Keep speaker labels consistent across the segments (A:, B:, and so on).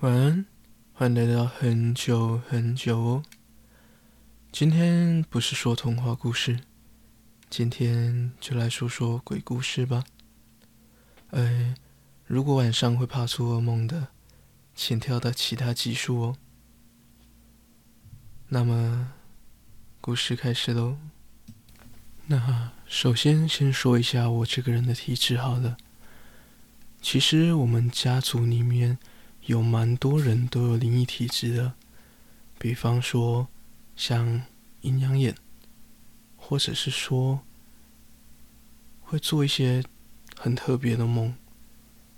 A: 晚安，歡迎來到很久很久哦。今天不是說童話故事，今天就來說說鬼故事吧。哎，如果晚上會怕做噩夢的，請跳到其他集數哦。那麼，故事開始嘍。那首先先說一下我這個人的體質好了。其實我們家族裡面。有蠻多人都有靈異體質的，比方說像陰陽眼，或者是說會做一些很特別的夢，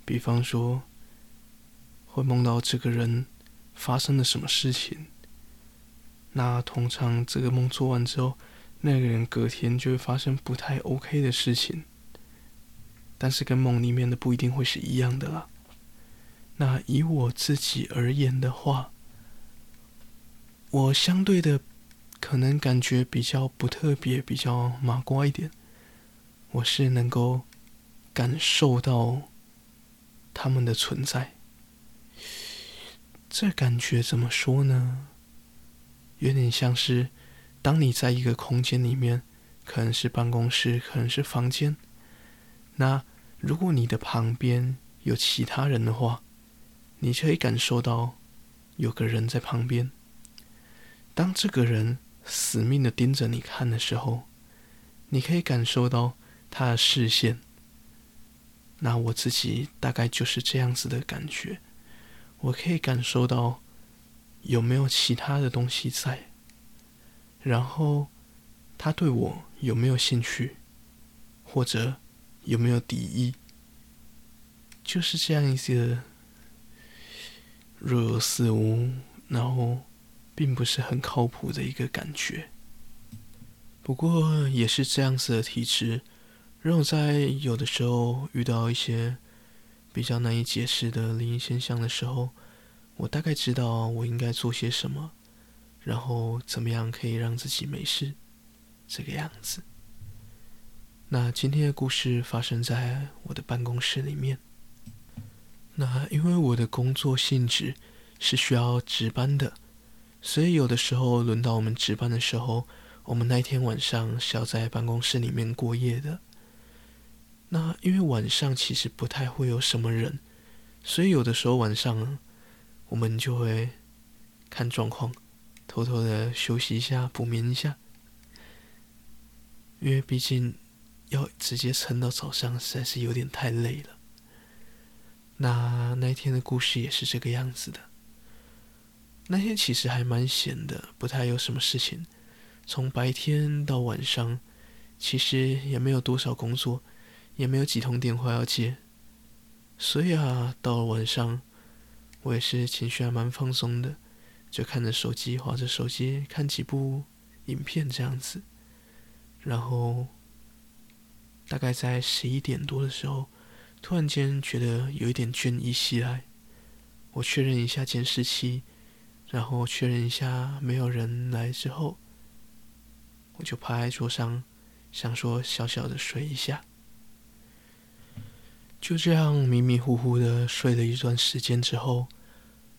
A: 比方說會夢到這個人發生了什麼事情，那通常這個夢做完之後，那個人隔天就會發生不太 OK 的事情，但是跟夢裡面的不一定會是一樣的啦。那以我自己而言的話，我相對的可能感覺比較不特別，比較麻瓜一點。我是能夠感受到他們的存在，這感覺怎麼說呢？有點像是當你在一個空間裡面，可能是辦公室，可能是房間，那如果你的旁邊有其他人的話。你就可以感受到有個人在旁邊。當這個人死命的盯着你看的時候，你可以感受到他的視線。那我自己大概就是這樣子的感覺。我可以感受到有沒有其他的東西在，然後他對我有沒有興趣，或者有沒有敵意，就是這樣一些。若有似無，然後，並不是很靠譜的一個感覺。不過，也是這樣子的體質，讓我在有的時候遇到一些比較難以解釋的靈異現象的時候，我大概知道我應該做些什麼，然後怎麼樣可以讓自己沒事，這個樣子。那今天的故事發生在我的辦公室裡面。那因為我的工作性質是需要值班的，所以有的時候輪到我們值班的時候，我們那天晚上是要在辦公室裡面過夜的。那因為晚上其實不太會有什麼人，所以有的時候晚上我們就會看狀況，偷偷的休息一下、補眠一下，因為畢竟要直接撐到早上，實在是有點太累了。那那天的故事也是這個樣子的。那天其實還蠻閒的，不太有什麼事情。從白天到晚上，其實也沒有多少工作，也沒有幾通電話要接。所以啊，到了晚上，我也是情緒還蠻放鬆的，就看着手機，划着手機，看幾部影片這樣子。然後，大概在十一點多的時候。突然間覺得有一點倦意襲來，我確認一下監視器，然後確認一下沒有人來之後，我就趴在桌上，想說小小的睡一下。就這樣迷迷糊糊的睡了一段時間之後，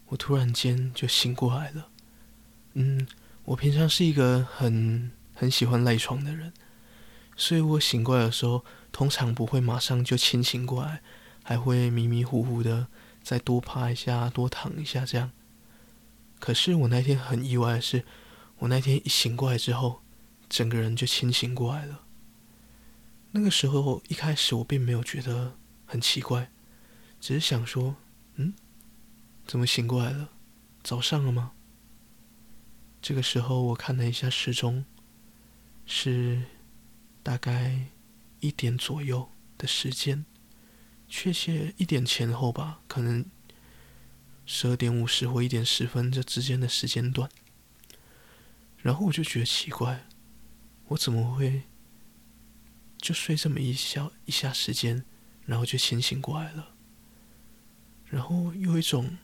A: 我突然間就醒過來了。嗯，我平常是一個很很喜歡賴床的人，所以我醒過來的時候。通常不會馬上就清醒過來，還會迷迷糊糊的，再多趴一下，多躺一下這樣。可是我那天很意外的是，我那天一醒過來之後，整個人就清醒過來了。那個時候一開始我並沒有覺得很奇怪，只是想說，嗯，怎麼醒過來了？早上了嗎？這個時候我看了一下時鐘，是大概。一點左右的時間，確切一點前後吧，可能十二點五十或一點十分這之間的時間段。然後我就覺得奇怪，我怎麼會就睡這麼一小一下時間，然後就清醒過來了。然後又有一種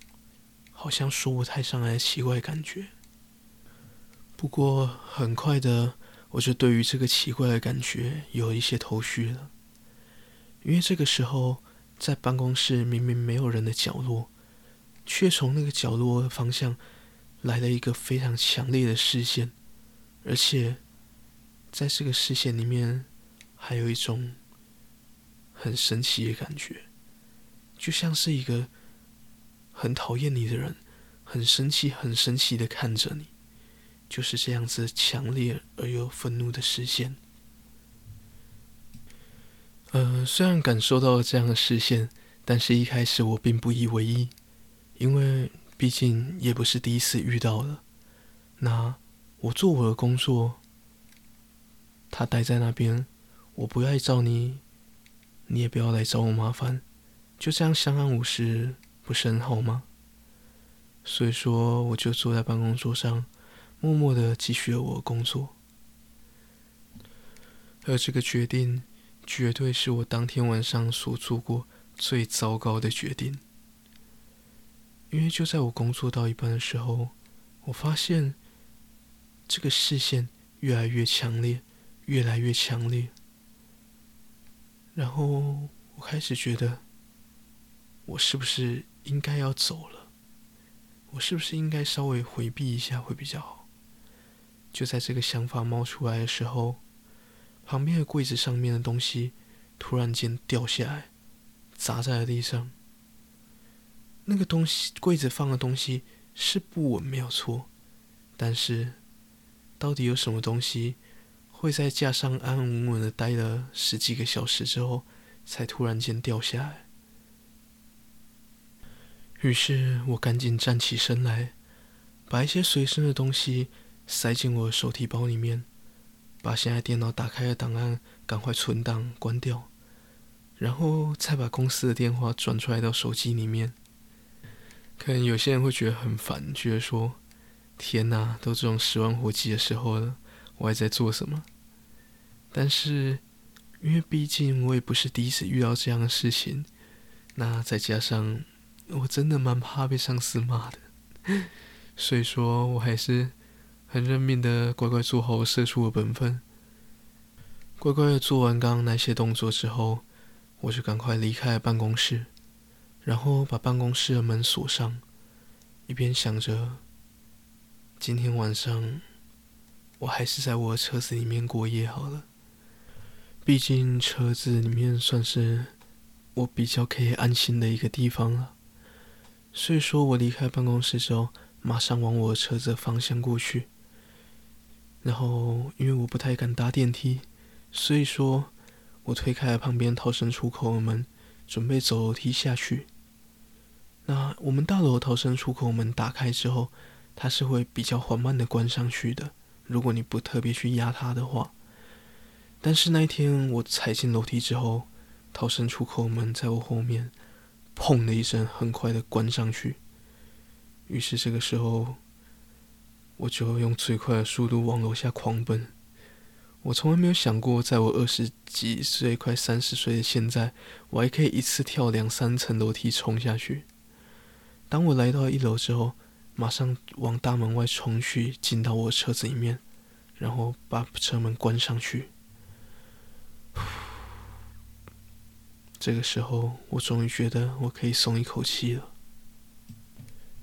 A: 好像說不太上來的奇怪的感覺。不過很快的。我就對於這個奇怪的感覺有一些頭緒了，因為這個時候在辦公室明明沒有人的角落，卻從那個角落的方向來了一個非常強烈的視線，而且在這個視線裡面還有一種很神奇的感覺，就像是一個很討厭你的人，很生氣、很生氣的看着你。就是這樣子強烈而又憤怒的視線。呃，雖然感受到了這樣的視線，但是一開始我並不以為意，因為畢竟也不是第一次遇到了。那我做我的工作，他待在那邊，我不愛找你，你也不要來找我麻煩，就這樣相安無事，不是很好嗎？所以說，我就坐在辦公桌上。默默的繼續了我的工作，而這個決定絕對是我當天晚上所做過最糟糕的決定。因為就在我工作到一半的時候，我發現這個視線越來越強烈，越來越強烈。然後我開始覺得，我是不是應該要走了？我是不是應該稍微迴避一下會比較好？就在這個想法冒出來的時候，旁邊的櫃子上面的東西突然間掉下來，砸在了地上。那個東西，櫃子放的東西是不穩，沒有錯。但是，到底有什麼東西會在架上安安穩穩的待了十幾個小時之後，才突然間掉下來？於是我趕緊站起身來，把一些隨身的東西。塞進我的手提包裡面，把現在電腦打開的檔案趕快存檔關掉，然後再把公司的電話轉出來到手機裡面。可能有些人會覺得很煩，覺得說：“天哪，都這種十萬火急的時候了，我還在做什麼？”但是，因為畢竟我也不是第一次遇到這樣的事情，那再加上我真的蠻怕被上司罵的，所以說我還是。很認命的乖乖做好我社畜的本分，乖乖的做完剛剛那些動作之後，我就趕快離開了辦公室，然後把辦公室的門鎖上，一邊想着今天晚上我還是在我的車子裡面過夜好了，畢竟車子裡面算是我比較可以安心的一個地方了，所以說我離開辦公室之後，馬上往我的車子的方向過去。然後，因為我不太敢搭電梯，所以說，我推開了旁邊逃生出口的門，準備走樓梯下去。那我們大樓逃生出口門打開之後，它是會比較緩慢的關上去的，如果你不特別去壓它的話。但是那一天我踩進樓梯之後，逃生出口門在我後面，砰的一聲，很快的關上去。於是這個時候。我就用最快的速度往樓下狂奔。我從來沒有想過，在我二十幾歲、快三十歲的現在，我還可以一次跳兩三層樓梯衝下去。當我來到一樓之後，馬上往大門外衝去，進到我車子裡面，然後把車門關上去。呼，這個時候，我終於覺得我可以鬆一口氣了。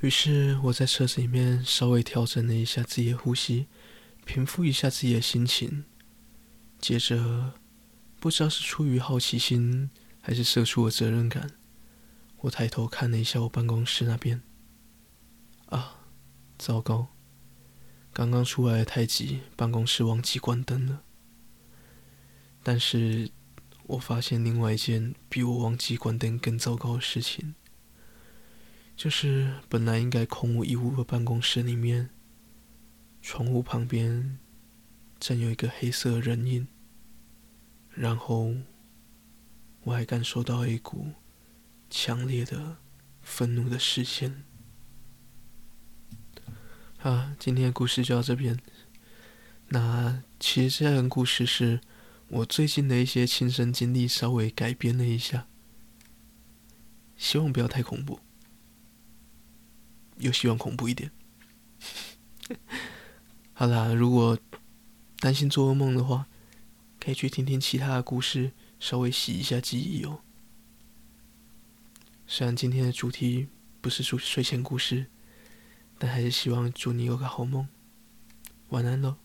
A: 於是我在車子裡面稍微調整了一下自己的呼吸，平復一下自己的心情。接着，不知道是出於好奇心還是社畜的責任感，我抬頭看了一下我辦公室那邊。啊，糟糕！剛剛出來的太急，辦公室忘記關燈了。但是我發現另外一件比我忘記關燈更糟糕的事情。就是本來應該空無一物的辦公室裡面，窗戶旁邊站有一個黑色的人影。然後我還感受到一股強烈的憤怒的視線。好，啊，今天的故事就到這邊。那其實這樣的故事是我最近的一些親身經歷，稍微改編了一下，希望不要太恐怖。又希望恐怖一點。 好啦，如果擔心做噩夢的話，可以去聽聽其他的故事，稍微洗一下記憶哦。雖然今天的主題不是睡睡前故事，但還是希望祝你有個好夢。晚安嘍。